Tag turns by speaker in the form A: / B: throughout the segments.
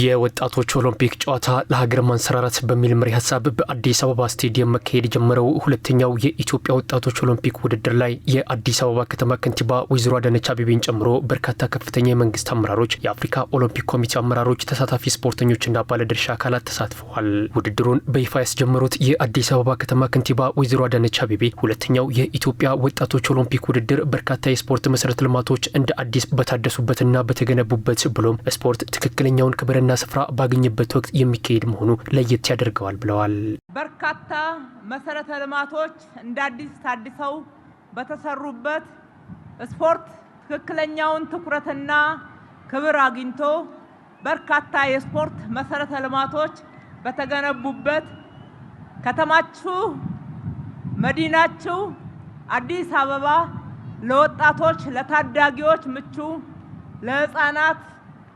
A: የወጣቶች ኦሎምፒክ ጨዋታ ለሀገር ማንሰራራት በሚል መሪ ሀሳብ በአዲስ አበባ ስቴዲየም መካሄድ የጀመረው ሁለተኛው የኢትዮጵያ ወጣቶች ኦሎምፒክ ውድድር ላይ የአዲስ አበባ ከተማ ከንቲባ ወይዘሮ አዳነች አቤቤን ጨምሮ በርካታ ከፍተኛ የመንግስት አመራሮች፣ የአፍሪካ ኦሎምፒክ ኮሚቴ አመራሮች፣ ተሳታፊ ስፖርተኞችና ባለድርሻ አካላት ተሳትፈዋል። ውድድሩን በይፋ ያስጀመሩት የአዲስ አበባ ከተማ ከንቲባ ወይዘሮ አዳነች አቤቤ ሁለተኛው የኢትዮጵያ ወጣቶች ኦሎምፒክ ውድድር በርካታ የስፖርት መሰረተ ልማቶች እንደ አዲስ በታደሱበትና በተገነቡበት ብሎም ስፖርት ትክክለኛውን ማህበርና ስፍራ ባገኘበት ወቅት የሚካሄድ መሆኑ ለየት ያደርገዋል ብለዋል።
B: በርካታ መሰረተ ልማቶች እንደ አዲስ ታድሰው በተሰሩበት ስፖርት ትክክለኛውን ትኩረትና ክብር አግኝቶ በርካታ የስፖርት መሰረተ ልማቶች በተገነቡበት ከተማችሁ መዲናችሁ አዲስ አበባ ለወጣቶች፣ ለታዳጊዎች ምቹ ለህፃናት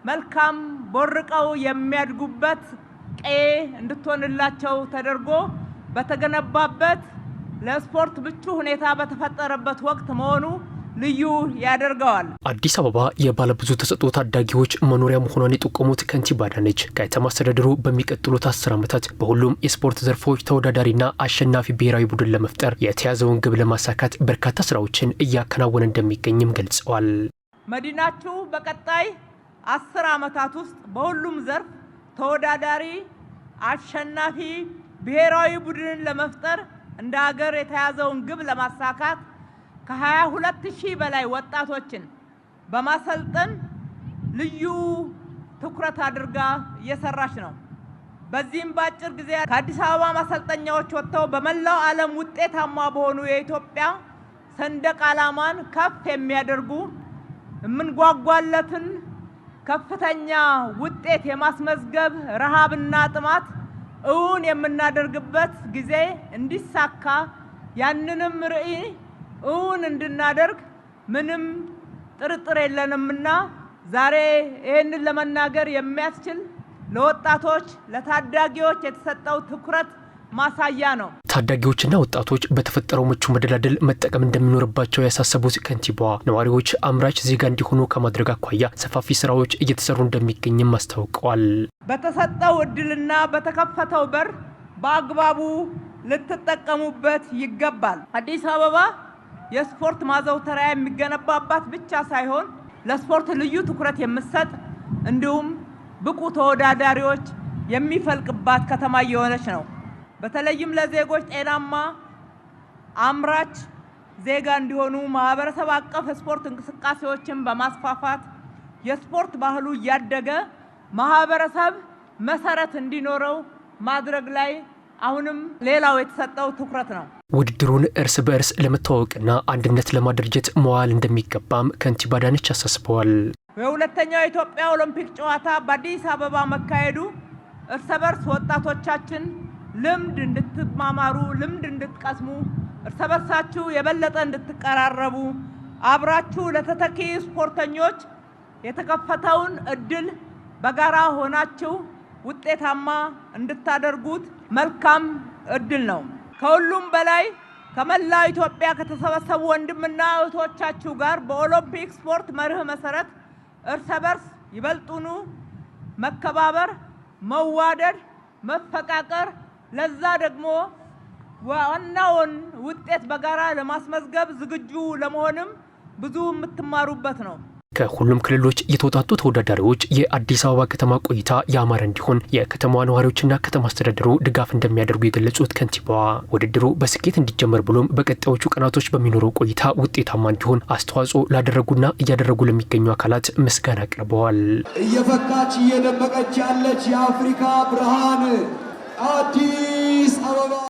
B: መልካም ቦርቀው የሚያድጉበት ቀዬ እንድትሆንላቸው ተደርጎ በተገነባበት ለስፖርት ምቹ ሁኔታ በተፈጠረበት ወቅት መሆኑ ልዩ ያደርገዋል።
A: አዲስ አበባ የባለብዙ ተሰጥኦ ታዳጊዎች መኖሪያ መሆኗን የጠቆሙት ከንቲባ አዳነች ከተማ አስተዳደሩ በሚቀጥሉት አስር ዓመታት በሁሉም የስፖርት ዘርፎች ተወዳዳሪና አሸናፊ ብሔራዊ ቡድን ለመፍጠር የተያዘውን ግብ ለማሳካት በርካታ ስራዎችን እያከናወነ እንደሚገኝም ገልጸዋል።
B: መዲናችሁ በቀጣይ አስር ዓመታት ውስጥ በሁሉም ዘርፍ ተወዳዳሪ አሸናፊ ብሔራዊ ቡድንን ለመፍጠር እንደ ሀገር የተያዘውን ግብ ለማሳካት ከ22 ሺህ በላይ ወጣቶችን በማሰልጠን ልዩ ትኩረት አድርጋ እየሰራች ነው። በዚህም በአጭር ጊዜ ከአዲስ አበባ ማሰልጠኛዎች ወጥተው በመላው ዓለም ውጤታማ በሆኑ የኢትዮጵያ ሰንደቅ ዓላማን ከፍ የሚያደርጉ የምንጓጓለትን ከፍተኛ ውጤት የማስመዝገብ ረሃብና ጥማት እውን የምናደርግበት ጊዜ እንዲሳካ ያንንም ርእይ እውን እንድናደርግ ምንም ጥርጥር የለንምና ዛሬ ይህንን ለመናገር የሚያስችል ለወጣቶች ለታዳጊዎች የተሰጠው ትኩረት ማሳያ ነው።
A: ታዳጊዎችና ወጣቶች በተፈጠረው ምቹ መደላደል መጠቀም እንደሚኖርባቸው ያሳሰቡት ከንቲባዋ ነዋሪዎች አምራች ዜጋ እንዲሆኑ ከማድረግ አኳያ ሰፋፊ ስራዎች እየተሰሩ እንደሚገኝም አስታውቀዋል።
B: በተሰጠው እድልና በተከፈተው በር በአግባቡ ልትጠቀሙበት ይገባል። አዲስ አበባ የስፖርት ማዘውተሪያ የሚገነባባት ብቻ ሳይሆን ለስፖርት ልዩ ትኩረት የምትሰጥ እንዲሁም ብቁ ተወዳዳሪዎች የሚፈልቅባት ከተማ እየሆነች ነው። በተለይም ለዜጎች ጤናማ አምራች ዜጋ እንዲሆኑ ማህበረሰብ አቀፍ ስፖርት እንቅስቃሴዎችን በማስፋፋት የስፖርት ባህሉ እያደገ ማህበረሰብ መሰረት እንዲኖረው ማድረግ ላይ አሁንም ሌላው የተሰጠው ትኩረት ነው።
A: ውድድሩን እርስ በእርስ ለመተዋወቅና አንድነት ለማድርጀት መዋል እንደሚገባም ከንቲባ አዳነች አሳስበዋል።
B: የሁለተኛው የኢትዮጵያ ኦሎምፒክ ጨዋታ በአዲስ አበባ መካሄዱ እርስ በርስ ወጣቶቻችን ልምድ እንድትማማሩ፣ ልምድ እንድትቀስሙ፣ እርስ በርሳችሁ የበለጠ እንድትቀራረቡ፣ አብራችሁ ለተተኪ ስፖርተኞች የተከፈተውን እድል በጋራ ሆናችሁ ውጤታማ እንድታደርጉት መልካም እድል ነው። ከሁሉም በላይ ከመላው ኢትዮጵያ ከተሰበሰቡ ወንድምና እህቶቻችሁ ጋር በኦሎምፒክ ስፖርት መርህ መሰረት እርስ በርስ ይበልጡኑ መከባበር፣ መዋደድ፣ መፈቃቀር ለዛ ደግሞ ዋናውን ውጤት በጋራ ለማስመዝገብ ዝግጁ ለመሆንም ብዙ የምትማሩበት ነው።
A: ከሁሉም ክልሎች የተውጣጡ ተወዳዳሪዎች የአዲስ አበባ ከተማ ቆይታ ያማረ እንዲሆን የከተማዋ ነዋሪዎችና ከተማ አስተዳደሩ ድጋፍ እንደሚያደርጉ የገለጹት ከንቲባዋ ውድድሩ በስኬት እንዲጀመር ብሎም በቀጣዮቹ ቀናቶች በሚኖረው ቆይታ ውጤታማ እንዲሆን አስተዋጽኦ ላደረጉና እያደረጉ ለሚገኙ አካላት ምስጋና አቅርበዋል። እየፈካች እየደመቀች ያለች የአፍሪካ ብርሃን አዲስ አበባ